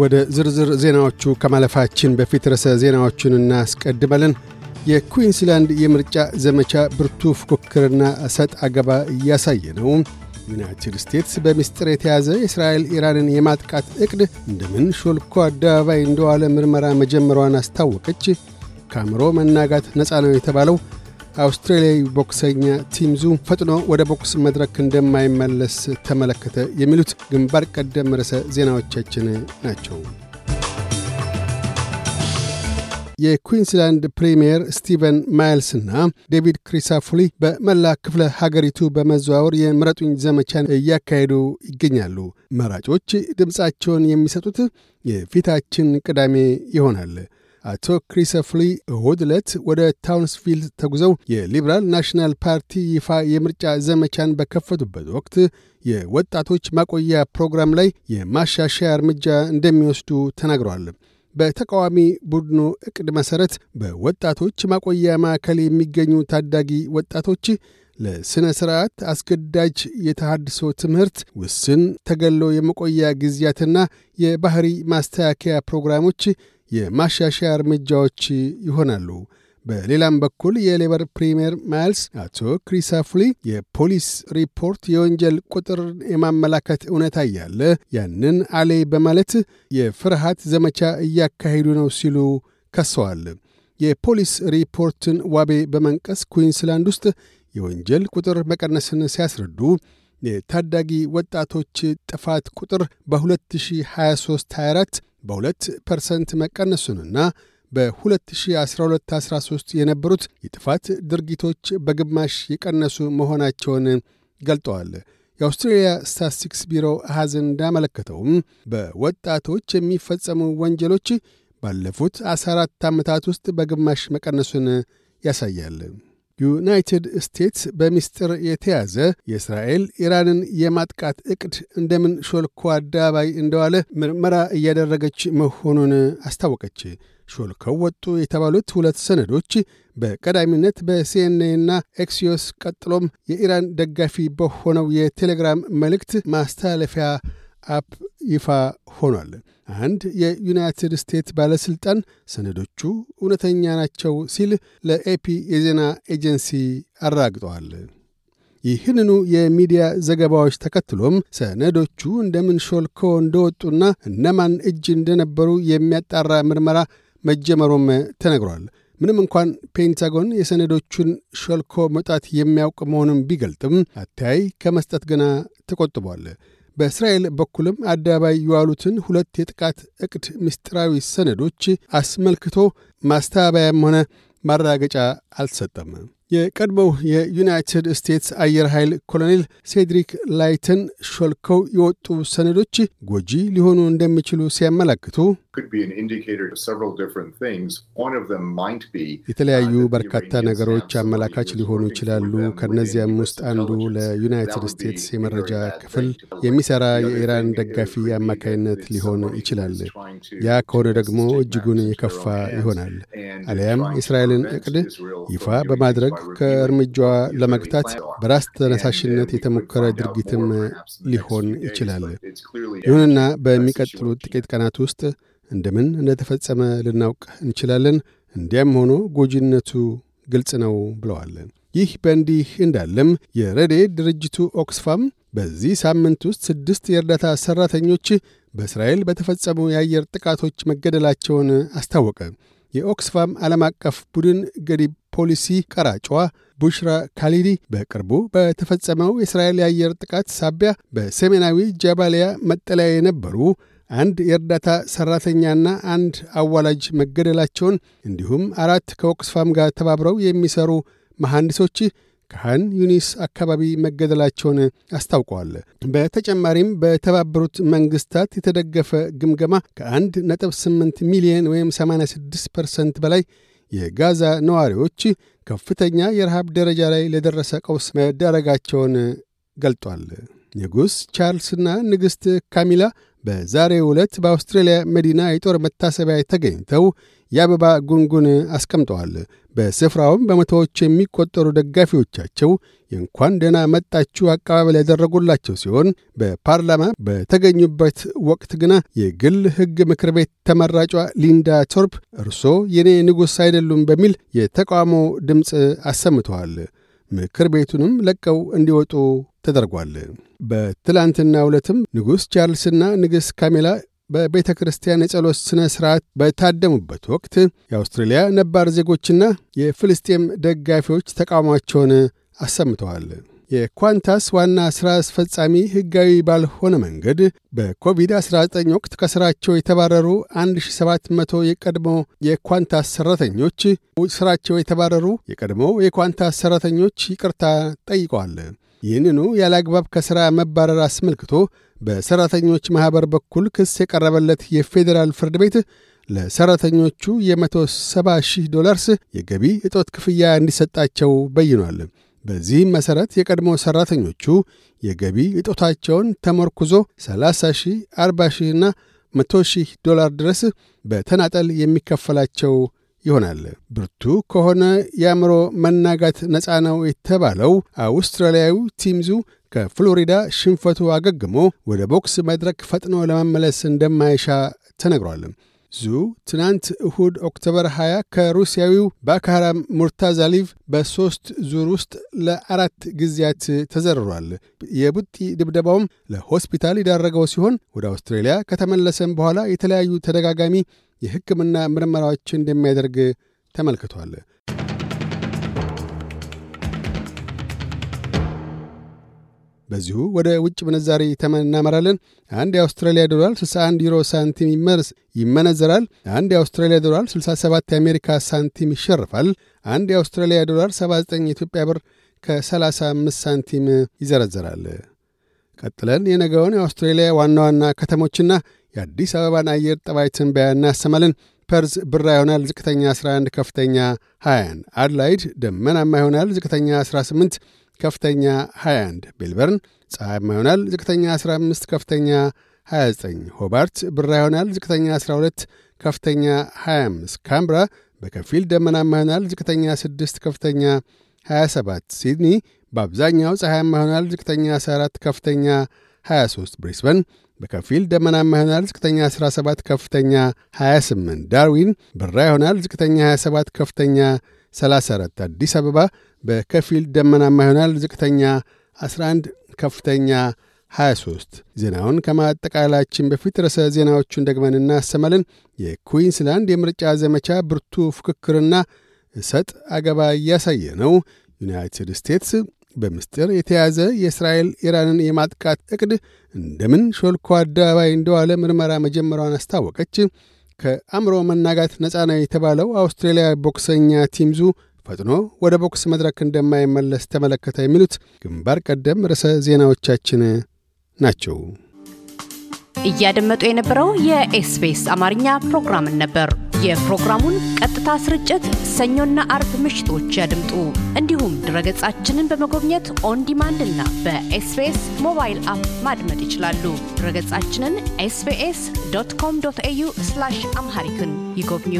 ወደ ዝርዝር ዜናዎቹ ከማለፋችን በፊት ርዕሰ ዜናዎቹን እናስቀድመልን የኩዊንስላንድ የምርጫ ዘመቻ ብርቱ ፉክክርና እሰጥ አገባ እያሳየ ነው። ዩናይትድ ስቴትስ በምስጢር የተያዘ እስራኤል ኢራንን የማጥቃት እቅድ እንደምን ሾልኮ አደባባይ እንደዋለ ምርመራ መጀመሯን አስታወቀች። ካምሮ መናጋት ነፃ ነው የተባለው አውስትራሊያዊ ቦክሰኛ ቲምዙ ፈጥኖ ወደ ቦክስ መድረክ እንደማይመለስ ተመለከተ የሚሉት ግንባር ቀደም ርዕሰ ዜናዎቻችን ናቸው። የኩዊንስላንድ ፕሪምየር ስቲቨን እና ዴቪድ ክሪሳፉሊ በመላ ክፍለ ሀገሪቱ በመዘዋወር የምረጡኝ ዘመቻን እያካሄዱ ይገኛሉ። መራጮች ድምፃቸውን የሚሰጡት የፊታችን ቅዳሜ ይሆናል። አቶ ክሪሰፍሊ እሁድ ዕለት ወደ ታውንስቪል ተጉዘው የሊበራል ናሽናል ፓርቲ ይፋ የምርጫ ዘመቻን በከፈቱበት ወቅት የወጣቶች ማቆያ ፕሮግራም ላይ የማሻሻያ እርምጃ እንደሚወስዱ ተናግረዋል። በተቃዋሚ ቡድኑ ዕቅድ መሠረት በወጣቶች ማቆያ ማዕከል የሚገኙ ታዳጊ ወጣቶች ለሥነ ሥርዓት አስገዳጅ የተሃድሶ ትምህርት፣ ውስን ተገሎ የመቆያ ጊዜያትና የባሕሪ ማስተካከያ ፕሮግራሞች የማሻሻያ እርምጃዎች ይሆናሉ። በሌላም በኩል የሌበር ፕሪምየር ማይልስ አቶ ክሪሳፍሊ የፖሊስ ሪፖርት የወንጀል ቁጥር የማመላከት እውነታ እያለ ያንን አሌ በማለት የፍርሃት ዘመቻ እያካሄዱ ነው ሲሉ ከሰዋል። የፖሊስ ሪፖርትን ዋቤ በመንቀስ ኩዊንስላንድ ውስጥ የወንጀል ቁጥር መቀነስን ሲያስረዱ የታዳጊ ወጣቶች ጥፋት ቁጥር በ2023 24 በ2 ፐርሰንት መቀነሱንና በ201213 የነበሩት የጥፋት ድርጊቶች በግማሽ የቀነሱ መሆናቸውን ገልጠዋል። የአውስትሬልያ ስታስቲክስ ቢሮ አሃዝ እንዳመለከተውም በወጣቶች የሚፈጸሙ ወንጀሎች ባለፉት 14 ዓመታት ውስጥ በግማሽ መቀነሱን ያሳያል። ዩናይትድ ስቴትስ በምስጢር የተያዘ የእስራኤል ኢራንን የማጥቃት እቅድ እንደምን ሾልኮ አደባባይ እንደዋለ ምርመራ እያደረገች መሆኑን አስታወቀች። ሾልከው ወጡ የተባሉት ሁለት ሰነዶች በቀዳሚነት ና ኤክሲዮስ ቀጥሎም የኢራን ደጋፊ በሆነው የቴሌግራም መልእክት ማስተላለፊያ አፕ ይፋ ሆኗል። አንድ የዩናይትድ ስቴትስ ባለሥልጣን ሰነዶቹ እውነተኛ ናቸው ሲል ለኤፒ የዜና ኤጀንሲ አረጋግጠዋል። ይህንኑ የሚዲያ ዘገባዎች ተከትሎም ሰነዶቹ እንደምን ሾልኮ እንደወጡና እነማን እጅ እንደነበሩ የሚያጣራ ምርመራ መጀመሩም ተነግሯል። ምንም እንኳን ፔንታጎን የሰነዶቹን ሾልኮ መውጣት የሚያውቅ መሆኑን ቢገልጥም አታይ ከመስጠት ገና ተቆጥቧል። በእስራኤል በኩልም አደባባይ የዋሉትን ሁለት የጥቃት እቅድ ምስጢራዊ ሰነዶች አስመልክቶ ማስተባበያም ሆነ ማረጋገጫ አልሰጠም። የቀድሞው የዩናይትድ ስቴትስ አየር ኃይል ኮሎኔል ሴድሪክ ላይተን ሾልከው የወጡ ሰነዶች ጎጂ ሊሆኑ እንደሚችሉ ሲያመላክቱ uh, የተለያዩ በርካታ ነገሮች አመላካች ሊሆኑ ይችላሉ። ከእነዚያም ውስጥ አንዱ ለዩናይትድ ስቴትስ የመረጃ ክፍል የሚሰራ የኢራን ደጋፊ አማካይነት ሊሆን ይችላል። ያ ከሆነ ደግሞ እጅጉን የከፋ ይሆናል። አሊያም የእስራኤልን እቅድ ይፋ በማድረግ ከእርምጃዋ ለመግታት በራስ ተነሳሽነት የተሞከረ ድርጊትም ሊሆን ይችላል። ይሁንና በሚቀጥሉት ጥቂት ቀናት ውስጥ እንደምን እንደተፈጸመ ልናውቅ እንችላለን። እንዲያም ሆኖ ጎጂነቱ ግልጽ ነው ብለዋል። ይህ በእንዲህ እንዳለም የረዴ ድርጅቱ ኦክስፋም በዚህ ሳምንት ውስጥ ስድስት የእርዳታ ሠራተኞች በእስራኤል በተፈጸሙ የአየር ጥቃቶች መገደላቸውን አስታወቀ። የኦክስፋም ዓለም አቀፍ ቡድን ገዲብ ፖሊሲ ቀራጭዋ ቡሽራ ካሊዲ በቅርቡ በተፈጸመው የእስራኤል የአየር ጥቃት ሳቢያ በሰሜናዊ ጃባሊያ መጠለያ የነበሩ አንድ የእርዳታ ሠራተኛና አንድ አዋላጅ መገደላቸውን እንዲሁም አራት ከኦክስፋም ጋር ተባብረው የሚሠሩ መሐንዲሶች ካህን ዩኒስ አካባቢ መገደላቸውን አስታውቀዋል። በተጨማሪም በተባበሩት መንግስታት የተደገፈ ግምገማ ከአንድ ነጥብ ስምንት ሚሊየን ወይም 86 ፐርሰንት በላይ የጋዛ ነዋሪዎች ከፍተኛ የረሃብ ደረጃ ላይ ለደረሰ ቀውስ መዳረጋቸውን ገልጧል። ንጉሥ ቻርልስና ንግሥት ካሚላ በዛሬ ዕለት በአውስትራሊያ መዲና የጦር መታሰቢያ ተገኝተው የአበባ ጉንጉን አስቀምጠዋል። በስፍራውም በመቶዎች የሚቆጠሩ ደጋፊዎቻቸው የእንኳን ደህና መጣችሁ አቀባበል ያደረጉላቸው ሲሆን በፓርላማ በተገኙበት ወቅት ግና የግል ሕግ ምክር ቤት ተመራጯ ሊንዳ ቶርፕ እርሶ የኔ ንጉሥ አይደሉም በሚል የተቃውሞ ድምፅ አሰምተዋል። ምክር ቤቱንም ለቀው እንዲወጡ ተደርጓል። በትላንትና ዕለትም ንጉሥ ቻርልስና ንግሥት ካሜላ በቤተ ክርስቲያን የጸሎት ሥነ ሥርዓት በታደሙበት ወቅት የአውስትሬልያ ነባር ዜጎችና የፍልስጤም ደጋፊዎች ተቃውሟቸውን አሰምተዋል። የኳንታስ ዋና ሥራ አስፈጻሚ ሕጋዊ ባልሆነ መንገድ በኮቪድ-19 ወቅት ከሥራቸው የተባረሩ 1700 የቀድሞ የኳንታስ ሠራተኞች ሥራቸው የተባረሩ የቀድሞ የኳንታስ ሠራተኞች ይቅርታ ጠይቀዋል። ይህንኑ ያለ አግባብ ከሥራ መባረር አስመልክቶ በሠራተኞች ማኅበር በኩል ክስ የቀረበለት የፌዴራል ፍርድ ቤት ለሠራተኞቹ የ170 ሺህ ዶላርስ የገቢ እጦት ክፍያ እንዲሰጣቸው በይኗል። በዚህም መሠረት የቀድሞ ሠራተኞቹ የገቢ እጦታቸውን ተመርኩዞ 30 ሺህ፣ 40 ሺህና 100 ሺህ ዶላር ድረስ በተናጠል የሚከፈላቸው ይሆናል። ብርቱ ከሆነ የአእምሮ መናጋት ነፃ ነው የተባለው አውስትራሊያዊ ቲምዙ ከፍሎሪዳ ሽንፈቱ አገግሞ ወደ ቦክስ መድረክ ፈጥኖ ለመመለስ እንደማይሻ ተነግሯል። ዙ ትናንት እሁድ ኦክቶበር 20 ከሩሲያዊው ባካራም ሙርታዛሊቭ በሦስት ዙር ውስጥ ለአራት ጊዜያት ተዘርሯል። የቡጢ ድብደባውም ለሆስፒታል የዳረገው ሲሆን ወደ አውስትሬልያ ከተመለሰም በኋላ የተለያዩ ተደጋጋሚ የሕክምና ምርመራዎች እንደሚያደርግ ተመልክቷል። በዚሁ ወደ ውጭ ምንዛሪ ተመን እናመራለን። አንድ የአውስትራሊያ ዶላር 61 ዩሮ ሳንቲም ይመርስ ይመነዘራል። አንድ የአውስትራሊያ ዶላር 67 የአሜሪካ ሳንቲም ይሸርፋል። አንድ የአውስትራሊያ ዶላር 79 የኢትዮጵያ ብር ከ35 ሳንቲም ይዘረዘራል። ቀጥለን የነገውን የአውስትራሊያ ዋና ዋና ከተሞችና የአዲስ አበባን አየር ጠባይ ትንበያ እናሰማለን። ፐርዝ ብራ ይሆናል። ዝቅተኛ 11፣ ከፍተኛ 20። አድላይድ ደመናማ ይሆናል። ዝቅተኛ 18 ከፍተኛ 21፣ ሜልበርን ፀሐያማ ይሆናል። ዝቅተኛ 15፣ ከፍተኛ 29፣ ሆባርት ብራ ይሆናል። ዝቅተኛ 12፣ ከፍተኛ 25፣ ካምብራ በከፊል ደመናማ ይሆናል። ዝቅተኛ 6፣ ከፍተኛ 27፣ ሲድኒ በአብዛኛው ፀሐያማ ይሆናል። ዝቅተኛ 14፣ ከፍተኛ 23 ብሪስበን በከፊል ደመናማ ይሆናል። ዝቅተኛ 17 ከፍተኛ 28 ዳርዊን ብራ ይሆናል። ዝቅተኛ 27 ከፍተኛ 34 አዲስ አበባ በከፊል ደመናማ ይሆናል። ዝቅተኛ 11 ከፍተኛ 23 ዜናውን ከማጠቃላችን በፊት ርዕሰ ዜናዎቹን ደግመን እናሰማለን። የኩዊንስላንድ የምርጫ ዘመቻ ብርቱ ፉክክርና እሰጥ አገባ እያሳየ ነው። ዩናይትድ ስቴትስ በምስጢር የተያዘ የእስራኤል ኢራንን የማጥቃት እቅድ እንደምን ሾልኮ አደባባይ እንደዋለ ምርመራ መጀመሯን አስታወቀች። ከአእምሮ መናጋት ነፃ ነው የተባለው አውስትሬልያ ቦክሰኛ ቲምዙ ፈጥኖ ወደ ቦክስ መድረክ እንደማይመለስ ተመለከተ። የሚሉት ግንባር ቀደም ርዕሰ ዜናዎቻችን ናቸው። እያደመጡ የነበረው የኤስቢኤስ አማርኛ ፕሮግራምን ነበር። የፕሮግራሙን ቀጥታ ስርጭት ሰኞና አርብ ምሽቶች ያድምጡ። እንዲሁም ድረገጻችንን በመጎብኘት ኦንዲማንድ እና በኤስቢኤስ ሞባይል አፕ ማድመ ይችላሉ። ድረገጻችንን ኤስቢኤስ ዶት ኮም ዶት ኤዩ አምሃሪክን ይጎብኙ።